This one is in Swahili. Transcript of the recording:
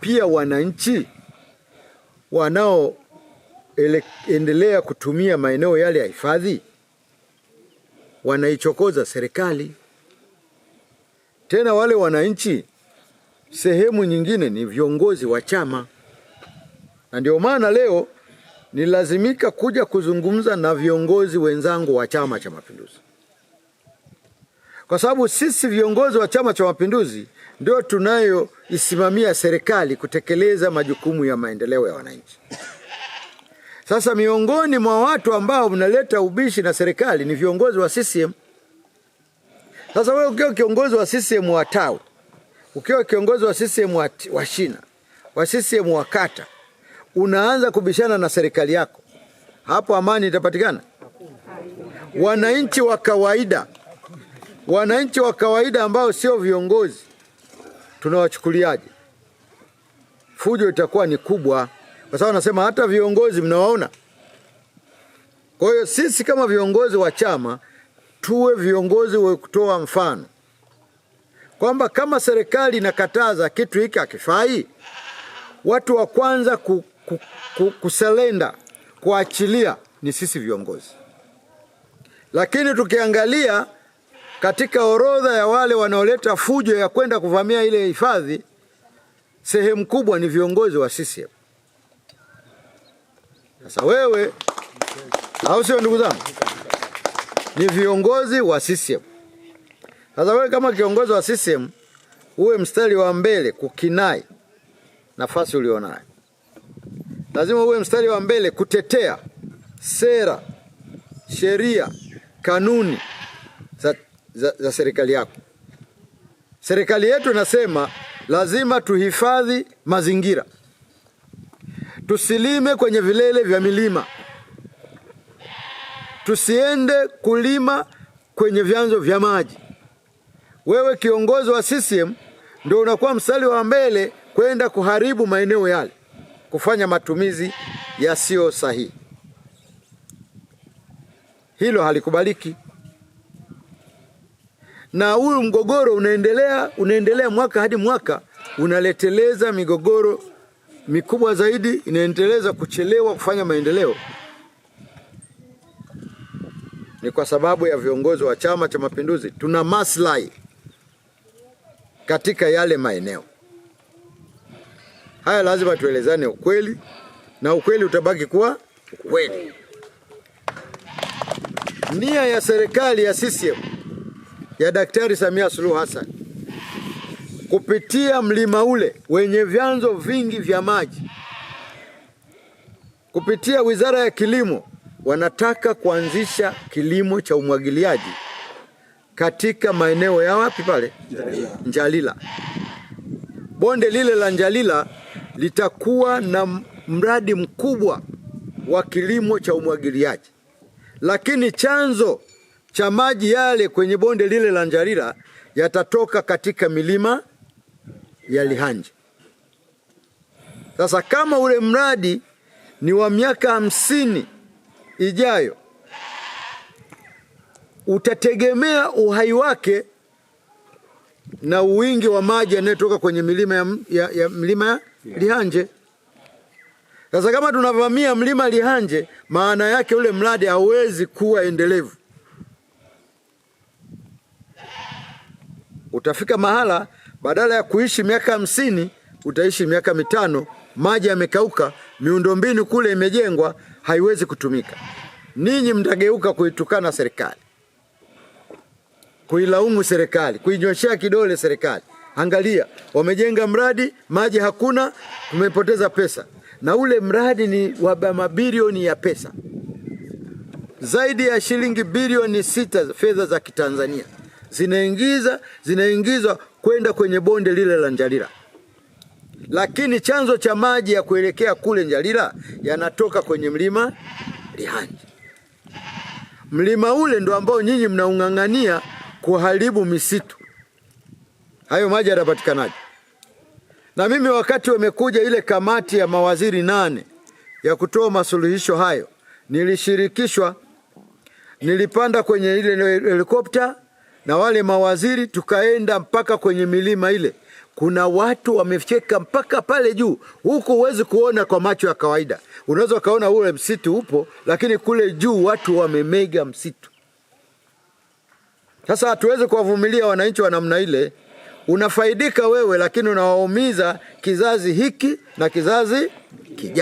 Pia wananchi wanaoendelea kutumia maeneo yale ya hifadhi wanaichokoza serikali. Tena wale wananchi sehemu nyingine ni viongozi wa chama, na ndio maana leo nilazimika kuja kuzungumza na viongozi wenzangu wa Chama cha Mapinduzi, kwa sababu sisi viongozi wa Chama cha Mapinduzi ndio tunayoisimamia serikali kutekeleza majukumu ya maendeleo ya wananchi. Sasa miongoni mwa watu ambao mnaleta ubishi na serikali ni viongozi wa CCM. Sasa wewe ukiwa kiongozi wa CCM wa tawi, ukiwa kiongozi wa CCM wa, wa shina, wa CCM wa kata, unaanza kubishana na serikali yako, hapo amani itapatikana? Wananchi wa kawaida, wananchi wa kawaida ambao sio viongozi tunawachukuliaje? Fujo itakuwa ni kubwa, kwa sababu anasema hata viongozi mnawaona. Kwa hiyo sisi kama viongozi wa chama tuwe viongozi wa kutoa mfano kwamba kama serikali inakataza kitu hiki hakifai, watu wa kwanza ku, ku, ku, kuselenda kuachilia ni sisi viongozi, lakini tukiangalia katika orodha ya wale wanaoleta fujo ya kwenda kuvamia ile hifadhi, sehemu kubwa ni viongozi wa CCM. Sasa wewe, au sio, ndugu zangu? Ni viongozi wa CCM. Sasa wewe kama kiongozi wa CCM uwe mstari wa mbele kukinai nafasi ulionayo, lazima uwe mstari wa mbele kutetea sera, sheria, kanuni za za, za serikali yako. Serikali yetu inasema lazima tuhifadhi mazingira, tusilime kwenye vilele vya milima, tusiende kulima kwenye vyanzo vya maji. Wewe kiongozi wa CCM ndio unakuwa mstari wa mbele kwenda kuharibu maeneo yale, kufanya matumizi yasiyo sahihi. Hilo halikubaliki na huyu mgogoro unaendelea, unaendelea mwaka hadi mwaka, unaleteleza migogoro mikubwa zaidi, inaendeleza kuchelewa kufanya maendeleo. Ni kwa sababu ya viongozi wa Chama cha Mapinduzi, tuna maslahi katika yale maeneo haya. Lazima tuelezane ukweli na ukweli utabaki kuwa ukweli. Nia ya serikali ya CCM ya Daktari Samia Suluhu Hassan kupitia mlima ule wenye vyanzo vingi vya maji, kupitia Wizara ya Kilimo wanataka kuanzisha kilimo cha umwagiliaji katika maeneo ya wapi pale Njalila, Njalila. Bonde lile la Njalila litakuwa na mradi mkubwa wa kilimo cha umwagiliaji, lakini chanzo cha maji yale kwenye bonde lile la Njarira yatatoka katika milima ya Lihanje. Sasa kama ule mradi ni wa miaka hamsini ijayo, utategemea uhai wake na uwingi wa maji yanayotoka kwenye milima ya, ya, ya milima ya Lihanje. Sasa kama tunavamia mlima Lihanje, maana yake ule mradi hauwezi kuwa endelevu. Utafika mahala badala ya kuishi miaka hamsini utaishi miaka mitano. Maji yamekauka, miundombinu kule imejengwa haiwezi kutumika. Ninyi mtageuka kuitukana serikali, kuilaumu serikali, kuinyoshea kidole serikali. Angalia, wamejenga mradi, maji hakuna, tumepoteza pesa, na ule mradi ni wa mabilioni ya pesa, zaidi ya shilingi bilioni sita, fedha za Kitanzania zinaingiza zinaingizwa kwenda kwenye bonde lile la Njalila, lakini chanzo cha maji ya kuelekea kule Njalila yanatoka kwenye mlima Lihanje. Mlima ule ndo ambao nyinyi mnaung'ang'ania kuharibu misitu. Hayo maji yanapatikanaje? Na mimi wakati wamekuja ile kamati ya mawaziri nane ya kutoa masuluhisho hayo, nilishirikishwa, nilipanda kwenye ile helikopta na wale mawaziri, tukaenda mpaka kwenye milima ile. Kuna watu wamefyeka mpaka pale juu, huku huwezi kuona kwa macho ya kawaida. Unaweza ukaona ule msitu upo, lakini kule juu watu wamemega msitu. Sasa hatuwezi kuwavumilia wananchi wa namna ile. Unafaidika wewe, lakini unawaumiza kizazi hiki na kizazi kijacho.